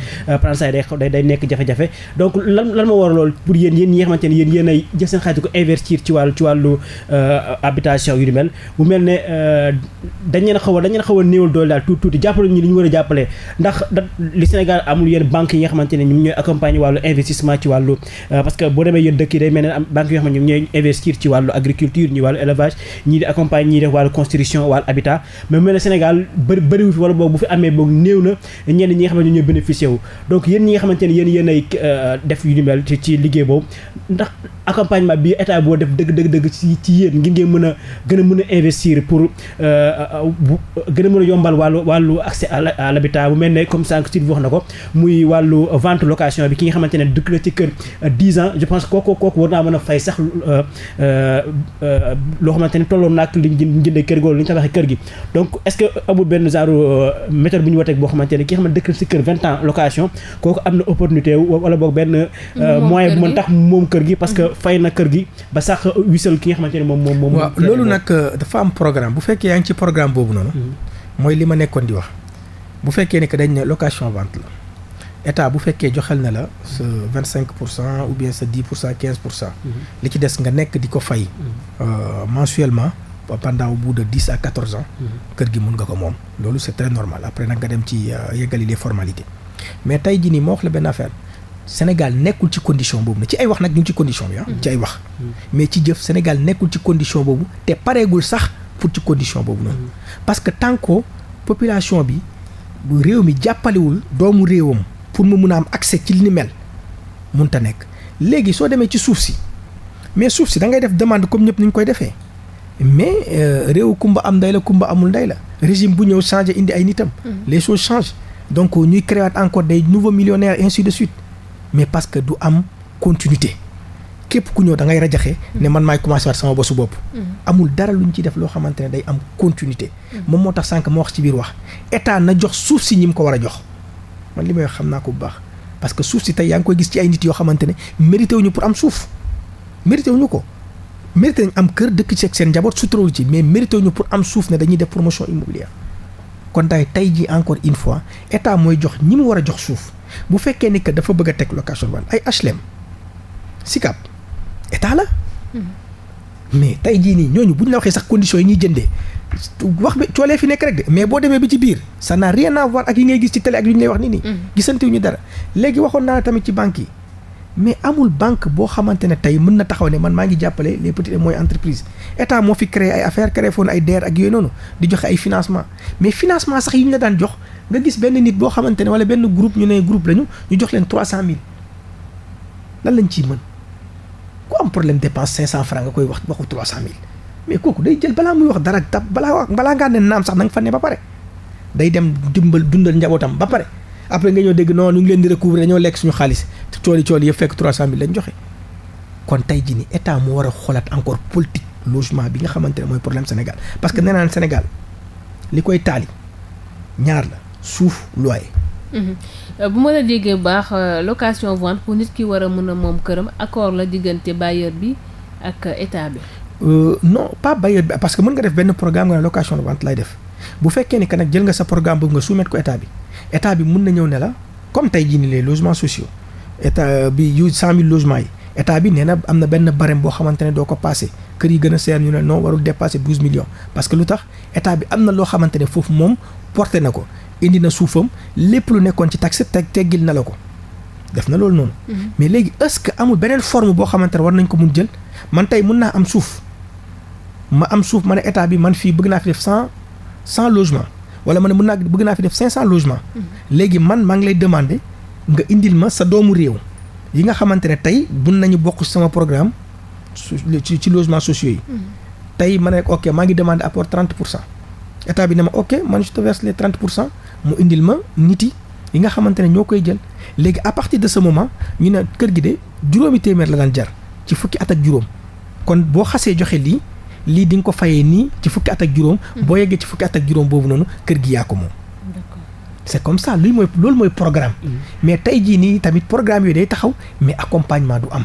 prensaay day nekk jafe-jafe donc lan ma moo war loolu pour yéen yéen ñi nga xamante ne yéen yéen ay jël seen xaalis ko investir ci wàllu ci a dañ leen xaw a néewal doole daal tuuti tuuti jàppale ñu li ñu war a jàppale ndax li Sénégal amul yenn banque yi nga xamante ne ñoom wàllu investissement ci wàllu parce que boo demee yéen dëkk yi day mel ne investir ci wàllu agriculture ñi wàllu élevage ñii di accompagner ñii def wàllu construction wàllu habitat mais mel ne Sénégal bëri bëriwu fi wala boog bu fi amee boog néew na ñenn ñi nga xamante ne ñoo bénéficié wu donc yéen ñi nga xamante ne yéen yéen ay euh, def yu ni ci liggéey boobu ndax accompagnement bi état boo def dëgg dëgg ci ci yéen ngir mën a gën a mën a investir pour euh, euh, gën a mën a yombal wàllu accès à l'habitat bu mel ne comme sànq Sylvie wax na ko muy wàllu vente location bi ki nga xamante ne dëkk la ci kër 10 ans je pense kooku kooku war naa a Euh, euh, loo xamante ne tolloon naak liñ jëndee kër googu li ñu tabaxee kër gi donc est-ce que amul benn genre euh, méthode bu ñu wateeg boo xamante ne ki nga xam ne dëkk si kër vingt ans location kooku am na opportunité wala boo benn moyen bu mën tax moom kër gi parce que mhm. fay na kër gi ba sax wisal ki nga xamante ne moom moom moom loolu nag dafa am programme bu fekkee yaa ngi ci programme boobu noonu mhm. mooy li ma nekkoon di wax bu fekkee ne que dañ ne location vente la état bu fekkee joxel na la sa vingt cinq pour cent ou bien sa dix pour cent quinze pour cent mhm. li ci des nga nekk di ko fay mhm. euh, mensuellement pendant au bout de dix à quatorze ans mhm. kër gi mun nga ko moom loolu c'est très normal après nag nga dem ci euh, yeggali les formalités mais tey ji nii moo wax la benn affaire Sénégal nekkul ci condition boobu na ci ay wax nag ñu ngi ci condition bi ah ay wax mais ci jëf Sénégal nekkul ci condition boobu te pareegul sax pour ci condition boobu noonu parce que tant que population bi réew mi jàppalewul doomu réewam pour mu mun a am accès ci li ni mel munta nekk léegi soo demee ci suuf si mais suuf si da ngay def demande comme ñëpp ni ñu koy defee mais euh, réew kumba am ndey la kumba amul ndey la régime bu ñëw changé indi ay nitam. Mm-hmm. les choses changent donc euh, ñuy créer encore des nouveaux millionnaires ainsi de suite mais parce que du am continuité képp ku ñëw da ngay rajaxe ne mm-hmm. man maay commencé waat sama bosu bopp. Mm-hmm. amul dara lu ñu ciy def loo xamante ne day am continuité. moom moo tax sànq ma wax ci biir wax état na jox suuf si ñi mu ko war a jox. man li may xam naa ko bu baax parce que suuf si tey yaa ngi koy gis ci ay nit yoo xamante ne mérité wuñu pour am suuf mérité wuñu ko mérité am kër dëkk ci seen njaboot suturawul ci mais mérité wuñu pour am suuf ne dañuy def promotion immobilière kon daay tey jii encore une fois état mooy jox ñi mu war a jox suuf bu fekkee ni que dafa bëgg a teg location ban ay HLM SICAP état la mm-hmm. mais tey jii nii ñooñu bu ñu la waxee sax conditions yi ñuy jëndee wax bi coolee fi nekk rek de mais boo demee bi ci biir ça n'a rien à voir ak yi ngay gis ci télé ak yi ñu lay wax nii nii mm. gisante wu ñu dara léegi waxoon naa la tamit ci banque yi mais amul banque boo xamante ne tey mën na taxaw ne man maa ngi jàppale les petites et moyennes entreprises état moo fi créé ay affaires créé foon ay DER ak yooyu noonu di joxe ay financement mais financement sax yi ñu la daan jox nga gis benn nit boo xamante ne wala benn groupe ñu ne groupe lañu ñu jox leen trois cent lan lañ ciy mën ku am problème dépense cent francs nga koy wax waxu trois cent mille mais kooku day jël balaa muy wax dara tab balaa balaa ngaa ne naam sax na nga ne ba pare day dem dimbal dundal njabootam ba pare après nga ñoo dégg non ñu ngi leen di recouvrer dañoo lekk suñu xaalis te cooli cooli yëpp fekk 300000 lañ joxe kon tey jii ni état moo war a xoolaat encore politique logement bi nga xamante ne mooy problème Sénégal parce que nee naan Sénégal li koy taali ñaar la suuf loyer. Mhm. Euh, bu ma la déggee baax euh, location vente pour nit ki war a mën a moom këram accord la diggante bailleur bi ak euh, état bi. Euh, non pas bailleur bi parce que mën nga def benn programme nga ne location de vente lay def bu fekkee ni que nag jël nga sa programme boobu nga soumettre ko état bi état bi euh, yi état bi nee na am na benn barème boo xamante ne doo ko passé kër yi gën a que lu tax état bi am na loo xamante ne foofu moom porté na ko indi na suufam lépp lu nekkoon ci taxe teg teggil na la ko def na loolu noonu mm-hmm. mais léegi est-ce que amul beneen forme boo xamante ne war nañ ko mun jël man tey mun naa am suuf ma am suuf ma ne état bi man fii bëgg naa fi def cent cent logements wala ma ne mën naa bëgg naa fi def cinq cent logements. Mhm. léegi man maa ngi lay demander nga indil ma sa doomu réew. yi nga xamante ne tey bun nañu bokk sama programme ci ci logements sociaux yi. Mhm. tey ma ne ok maa ngi demandé apport 30 pour cent état bi ne ma ok man je te verse les pour cent mu indil ma nit yi nga xamante ne ñoo koy jël léegi à partir de ce moment ñu ne kër gi de juróomi téeméer la daan jar ci fukki at ak juróom kon boo xasee joxe lii. lii di nga ko fayee nii ci fukki at ak juróom. Mm-hmm. boo yeggee ci fukki at ak juróom boobu noonu kër gi yaa ko moom. c'est comme ça luy mooy loolu mooy programme. Mm-hmm. mais tey jii nii tamit programme yooyu day taxaw mais accompagnement du am.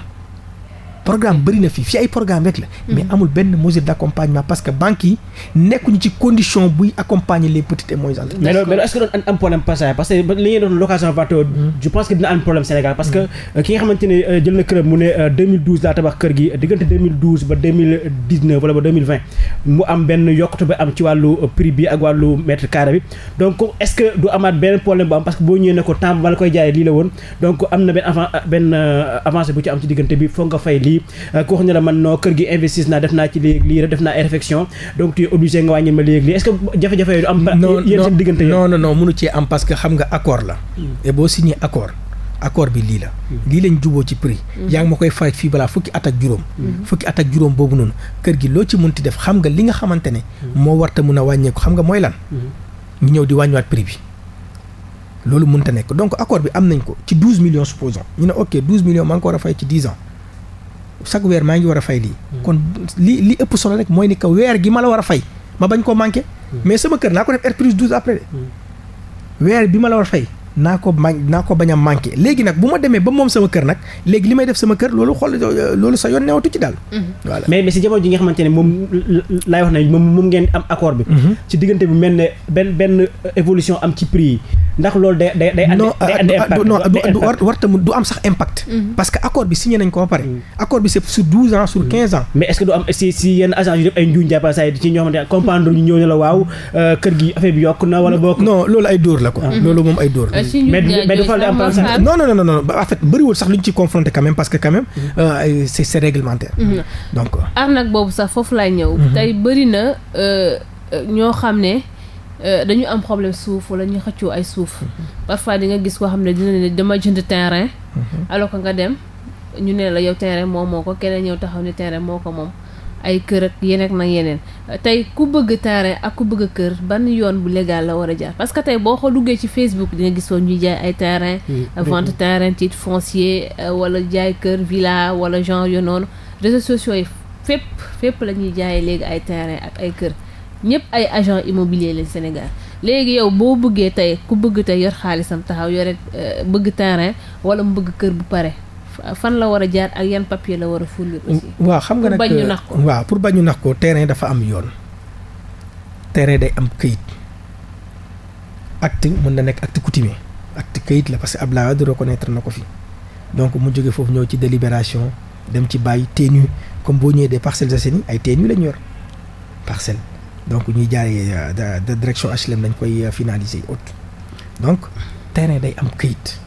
programme bëri na fii fii ay programme rek la. mais hmm. amul benn mesure d' accompagnement parce que banques yi nekkuñu ci condition buy accompagner les petites et moyennes entreprises. mais loolu mais est ce que ne hmm. hmm. euh, euh, jël na këram mu ne 2012 euh, laa tabax kër gi diggante 2012 ba 2019 wala ba 2020 mu am benn yokkute ba am ci wàllu prix bi ak wàllu mètre carré bi donc est du amaat benn problème bu am parce que boo ñëwee ne ko temps ba koy jaayee lii la woon donc am na benn avant bu ci am ci diggante bi foog nga fay lii. lii euh, ku wax ne la xam nga accord la hmm. et boo signé accord accord bi lii la hmm. lii lañ juboo ci prix hmm. yaa ngi ma koy fay fii balaa fukki at ak juróom fukki at ak juróom boobu noonu kër gi loo ci mënti def xam nga li nga xamante ne moo warta mën a wàññeeku xam nga mooy lan ñu ñëw di wàññiwaat prix bi loolu mënta nekk donc accord bi am nañ ko ci douze millions supposons ñu ne ok douze millions maa ko war a fay ci dix ans chaque weer maa ngi war a fay lii. Hmm. kon lii li ëpp solo rek mooy ni que weer gi ma la war a fay ma bañ koo manqué. Hmm. mais sama kër naa ko def R plus 12 après de. Hmm. weer bi ma la war a fay naa ko ma naa ko bañ a manqué léegi nag bu ma demee ba moom sama kër nag léegi li may def sama kër loolu xool loolu sa yoon newatu ci daal mm-hmm. voilà mais mais si jamono ji nga xamante ne moom laay wax ne moom moom ngeen am accord bi mm-hmm. ci diggante bi mel ne benn benn évolution am ci prix yi ndax loolu day day day andi am sax impact mm-hmm. parce que accord bi signé nañ pare si si ñoo xamante ne comprendre ñu ñëw ne la waaw euh, kër gi affaire bi yokk na wala bokk non loolu ay dóor la ko ah. loolu moom ay dóor la mais dafa am am non non non non en fait bëriwul sax lu ñu ci confronté quand même parce que quand même mm-hmm. euh, c'est c'est réglementaire. Mm-hmm. donc euh. arnaque boobu sax foofu laay ñëw. Mm-hmm. tey bëri na euh, euh, ñoo xam ne. dañu am problème suuf wala ñu xëccoo ay suuf parfois di nga gis koo xam ne dina ne dama jënd terrain alors ko nga dem ñu ne la yow terrain moom moo ko keneen ñëw taxaw ne terrain moo ko moom ay kër ak yeneen ak yeneen tey ku bëgg terrain ak ku bëgg kër ban yoon bu légal la war a jaar parce que tey boo ko duggee ci Facebook di nga gisoon ñuy jaay ay terrain mm, vente terrain titre foncier euh, wala jaay kër villa wala genre yo noonu réseaux sociaux yi fépp fépp la ñuy jaayee léegi ay terrain ak ay kër ñëpp ay agent immobilier lañ Sénégal léegi yow boo bëggee tey ku bëgg tey yor xaalisam taxaw yore euh, bëgg terrain wala mu bëgg kër bu pare fan la war a jaar ak yan papier la war a fournir waa xam nga nag pour bañ ñu euh, nax waaw pour bañ ñu nax ko terrain dafa am yoon. terrain day am këyit ak te mën na nekk acte coutumier acte këyit la parce que Abdoulaye Wade reconnaître na ko fi donc mu jóge foofu ñëw ci délibération dem ci bàyyi tenue comme boo ñëwee des Parcelles Assainies ay tenue lañ yor parcelle donc ñuy jaaree euh, direction HLM lañ koy euh, finaliser haute donc terrain day am këyit.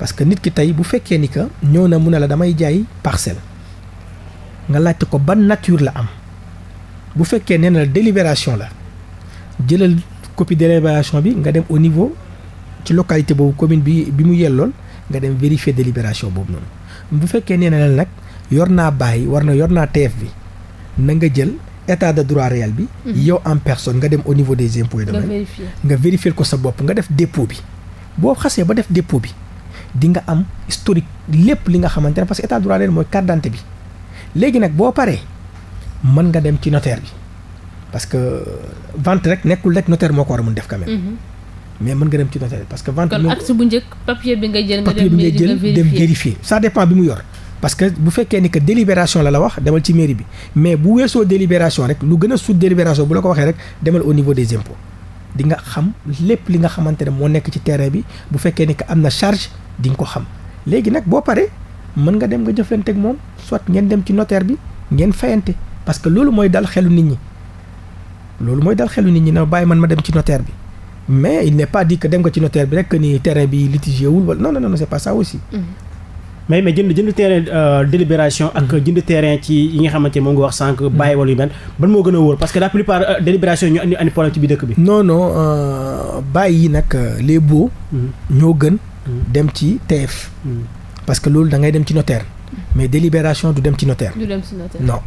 parce que nit ki tey bu fekkee ni que ñëw na mu ne la damay jaay parcelle nga laajte ko ban nature la am bu fekkee nee na la délibération la jëlal copie délibération bi nga dem au niveau ci localité boobu commune bi bi mu yellool nga dem vérifier délibération boobu noonu bu fekkee nee na la nag yor naa bàyyi war na yor naa teef bi na nga jël état de droit réel bi. Mhm. yow en personne nga dem au niveau des impôts et domaines. nga vérifier ko sa bopp nga def dépôt bi boo xasee ba def dépôt bi. di nga am historique lépp li nga xamante ne parce que état de droit leen mooy carte bi léegi nag boo paree mën nga dem ci notaire bi parce que euh, vente rek nekkul rek notaire moo ko war a mun def quand même. Mhm. mais mën nga dem ci notaire parce que vente. kon acte bu njëkk papier bi nga jël nga dem vérifier dem vérifier ça bi mu yor. parce bu fekkee ni que délibération la la wax demal ci mairie bi mais bu weesoo délibération rek lu gën a suut délibération bu la ko waxee rek demal au niveau des impôts di nga xam lépp li xamante ne moo nekk ci terrain bi bu fekkee ni que am na charge di nga ko xam léegi nag boo paree mën nga dem nga jëflanteeg moom soit ngeen dem ci notaire bi ngeen feyante parce que loolu mooy dal xelu nit ñi loolu mooy dal xelu nit ñi na bàyyi man ma dem ci notaire bi mais il n'est pas dit que rek ni terrain bi litigé wul wala non non non c'est pas ça aussi. Mm-hmm. mais mais jënd jënd terrain euh, délibération ak mm-hmm. jënd terrain ci yi nga xamante moom nga wax sànq. bàyyi wala yu mel ban moo gën a wóor parce que la plupart euh, délibération ñu andi andi problème ci biir dëkk bi. non euh, bàyyi yi nag les baux. Mm-hmm. ñoo gën. dem ci TF. Hmm. parce que loolu da ngay dem ci notaire. mais délibération du dem ci notaire. du dem ci notaire non.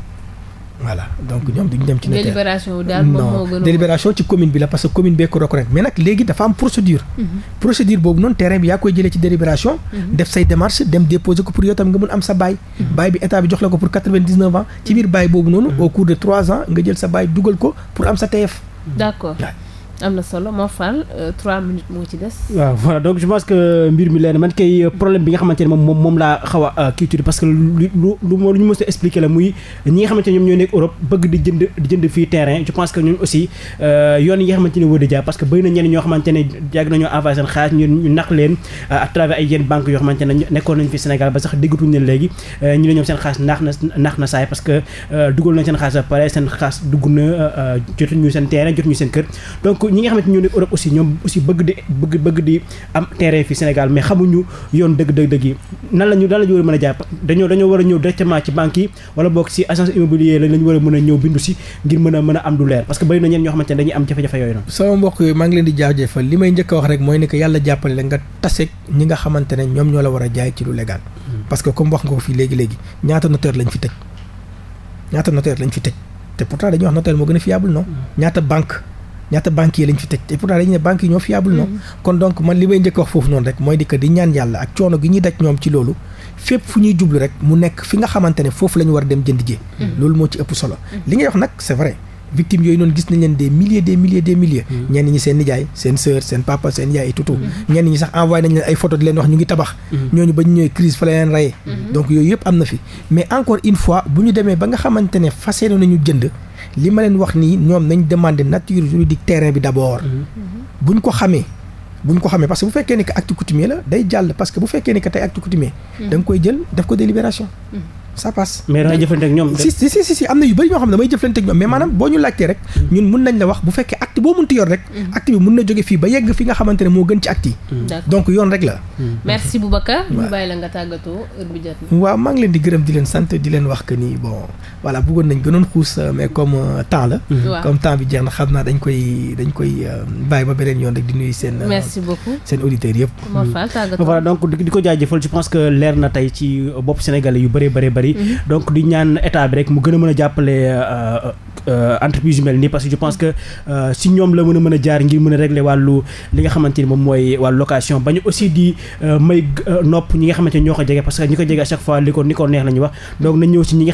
voilà donc ñoom duñu dem ci notaire délibération daal moom moo gën non délibération ci commune bi la parce que commune bee ko reconnaître mais nag léegi dafa am procédure. Hmm. procédure boobu noonu terrain bi yaa koy jëlee ci délibération. Hmm. def say démarche dem déposer ko pour yow tam nga mun am sa bail. bail bi état bi jox la ko pour quatre-vingt-dix-neuf ans ci biir bail boobu noonu. au cours de trois am na solo moo faal euh, trois minutes moo ci des. waaw voilà donc je pense que mbir mi leen man kay euh, problème bi nga xamante ne moom moom laa xaw a euh, kii parce que lu lu lu ñu mës a expliqué la muy ñi ne ñoom ñoo nekk Europe di jënd di jënd fii terrain je pense que ñun aussi yoon yi nga xamante ne wóor na que bëri na ñenn ñoo xamante ne yàgg nañoo seen xaalis leen à travers ay yoo xamante ne nekkoon nañu fi Sénégal ba sax déggatuñ leen léegi ñu ne ñoom seen xaalis naax na naax na saay parce que dugal nañ seen xaalis ba pare seen xaalis dugg na jotuñu seen terrain jotuñu seen kër donc ñi nga xamante ñoo nekk Europe aussi ñoom aussi bëgg di bëgg bëgg di am terrain yoon dëgg dëgg dëgg yi nan lañu nan la ñu war a mën a jàpp a ñëw directement ci a mën a ñëw bindu si ngir mën a am du leer parce que bëri na ñeen ñoo xamante ne dañuy am jafe-jafe yooyu noonu sama mbokk yooyu a wax rek mooy ne la ne ñoom ñoo la war a jaay ci lu légal hmm. parce que comme wax nga ko fii léegi ñaata notaire lañ fi tëj ñaata notaire lañ fi tëj te pourtant dañuy wax notaire moo gën a fiable non hmm. ñaata banque ñaata banques yi lañ fi tëj et pourtant dañu ne banques yi ñoo fiable noonu mm-hmm. kon donc man li may njëkk wax foofu noonu rek mooy di di ñaan yàlla ak coono gi ñuy daj ñoom ci loolu fépp fu ñuy jublu rek mu nekk fi nga xamante ne foofu la ñu war a dem jënd jee mm-hmm. loolu moo ci ëpp solo mm-hmm. li ngay wax nag c'est vrai victimes yooyu noonu gis nañ leen des milliers des milliers des milliers ñenn ñi seen nijaay seen sœur seen papa seen yaay et tout ñenn ñi sax envoyé mais encore une fois bu ñu demee ba nga xamante ne fas yéene li ma leen wax nii ñoom nañ demander nature juridique terrain bi d' abord. Mhm. buñ ko xamee ñu ko xamee parce bu fekkee ne que acte la day jàll parce que bu fekkee ne que tey acte coutumier. Mhm. da koy jël def ko délibération. Mhm. ça passe. mais dangay jëflante ak ñoom. si si si si am na yu bëri yoo xam ne damay jëflante ak ñoom mais maanaam boo ñu laajtee rek. ñun mun nañ la wax bu fekkee acte boo munti yor rek. Mm-hmm. acte bi mun na jóge fii ba yegg nga xamante ne moo gën ci acte yi. Mm. donc yoon rek la. Mm. merci Boubacar. ñu waaw maa ngi leen di gërëm di leen sant di leen wax que ni bon voilà bëggoon nañ gënoon xuus euh, mais comme euh, temps la. Mm-hmm. comme temps bi jeex na xam naa dañ koy dañ koy euh, bàyyi ba beneen yoon rek di nuyu seen. merci seen auditeurs yëpp. Mm. voilà donc di ko jaajëfal je pense que leer na tey ci bopp sénégalais yu bëree bëri bëri mhm. donc di ñaan état bi rek mu gën a mën a jàppale euh, euh, entreprise yu mel nii parce que je pense que euh, si ñoom la mën a mën a jaar ngir mën a régler wàllu li nga xamante moom mooy wàllu location bañu aussi di may nopp ñi nga xamante ñoo ko jege parce que ñi ko jege à chaque fois li ko ni ko neex la ñuy wax donc nañ ñëw si ñi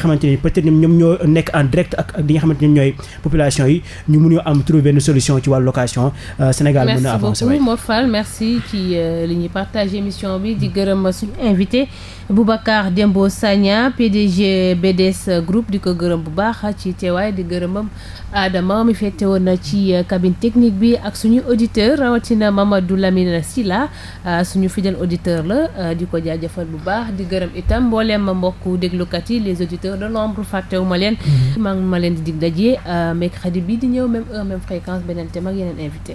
ñoom ñoo nekk en direct ak ak nga xamante ñooy population yi ñu mun am trouver une solution ci wàllu location Sénégal mën a avancer waay merci merci ci li ñuy partage émission bi di gërëm suñu invité Boubacar Dembo Sagna PDG BDS Group di ko gërëm bu baax ci teewaay di gërëmam Adama mi fette woon na ci euh, cabine technique bi ak suñu auditeur rawatina Mamadou Lamine Silla euh, suñu fidèle auditeur la euh, di ko jaajëfal bu baax di gërëm itam mbooleem mbokku déglukat yi les auditeurs de l'ombre fàttewu ma leen mhm. maa ngi ma leen di dig dajee mercredi bi di ñëw même même fréquence beneen thème ak yeneen invité